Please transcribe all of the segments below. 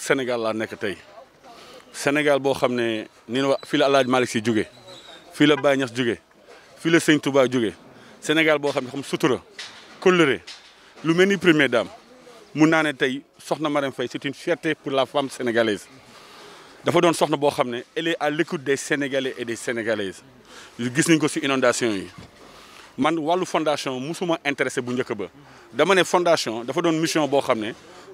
Sénégal laa nekk tey Sénégal boo xam ne ni ñu wax fii la El Hadj Malick Sy jóge la Baye Niass jóge fii la Sëñ Touba jóge Sénégal boo xam ne xam sutura coloré lu mel première dame mun naa ne tey soxna Faye c'est une fierté pour la femme sénégalaise dafa doon soxna boo xam ne elle est à l'écoute des Sénégalais et des Sénégalaises gis nañ ko ci inondation yi man wàllu fondation musuma intéressé bu njëkk ba dama ne fondation dafa doon mission boo xam ne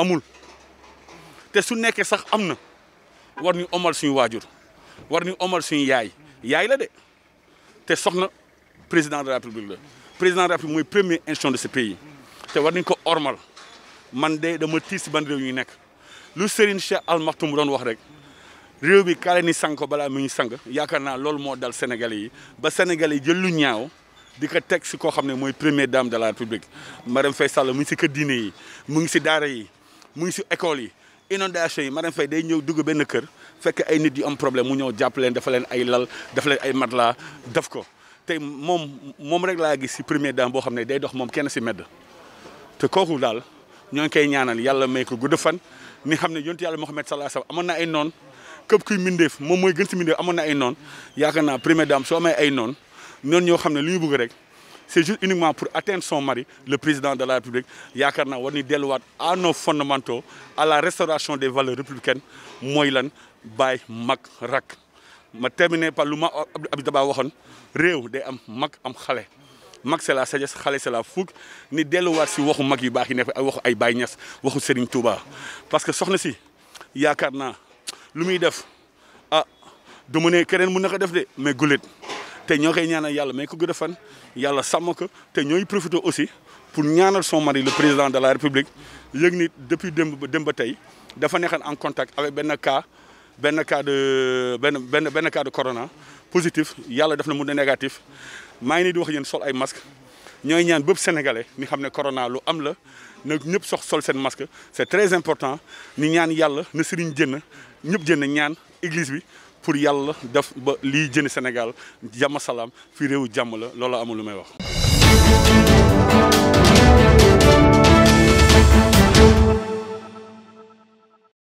amul té su nekkee sax amna war ñu omal suñu wajur war ñu omal suñu yaay yaay la dé té soxna président de la république président de la république moy premier instant de ce pays té war nañu ko ormal man de dama tiss si ban réew ñuy nekk lu Serigne Cheikh Al Maktoum doon wax rek réew bi ni sanko ko balaa sang yaakaar na lool mo dal Sénégalais yi ba Sénégalais jël lu ñaaw di ko teg si koo dame de la république madame Faye Sall mu ngi si yi mu ngi si yi. mu ngi si école yi inondation yi Marème fay day ñëw dugg benn kër fekk ay nit yu am problème mu ñëw jàpp leen dafa leen ay lal dafa leen ay laa def ko te moom moom rek laa gis si première dame boo xam ne day dox moom kenn si medd te kooku daal ñoo ngi koy ñaanal yàlla may ko gudd fan ni xam ne yontu yàlla Muhammad sallallahu alayhi wasallam amoon na ay noon képp kuy mindeef moom mooy gën si mindeef amoon na ay noon yaakaar naa première dame soo amee ay noon noonu ñoo xam ne lu ñu rek c'est juste uniquement pour atteindre son mari, le président de la République, Yakarna Wani Delouat, à nos fondamentaux, à la restauration des valeurs républicaines, Moïlan, Bay, Mak, Rak. Je termine par le mot Abidaba Wahan, Réou, de Am, Mak, Am, Khalé. c'est la sagesse Khale c'est la fougue ni delluwaat si waxu mag yu baax ne waxu ay waxu Touba parce que soxna si yakarna lu def ah du mu ne keneen def mais guléet te ñoo koy ñaanal yàlla mais ko gën a fan yàlla sàmm ko te ñooy profité aussi pour ñaanal son mari le président de la république yëg ni depuis démb ba démb tey dafa nekkoon en contact avec benn cas benn cas de benn benn benn cas de corona positif yàlla def na mu ne négatif maa ngi nii di wax yéen sol ay masque ñooy ñaan bépp sénégalais ni xam ne corona lu am la na ñëpp sox sol seen masque c'est très important ni ñaan yàlla na sëriñ jënn ñëpp jënn ñaan église bi pour yàlla def ba lii jëni Sénégal jàmm salaam fi réewu jàmm la loolu amul lu may wax.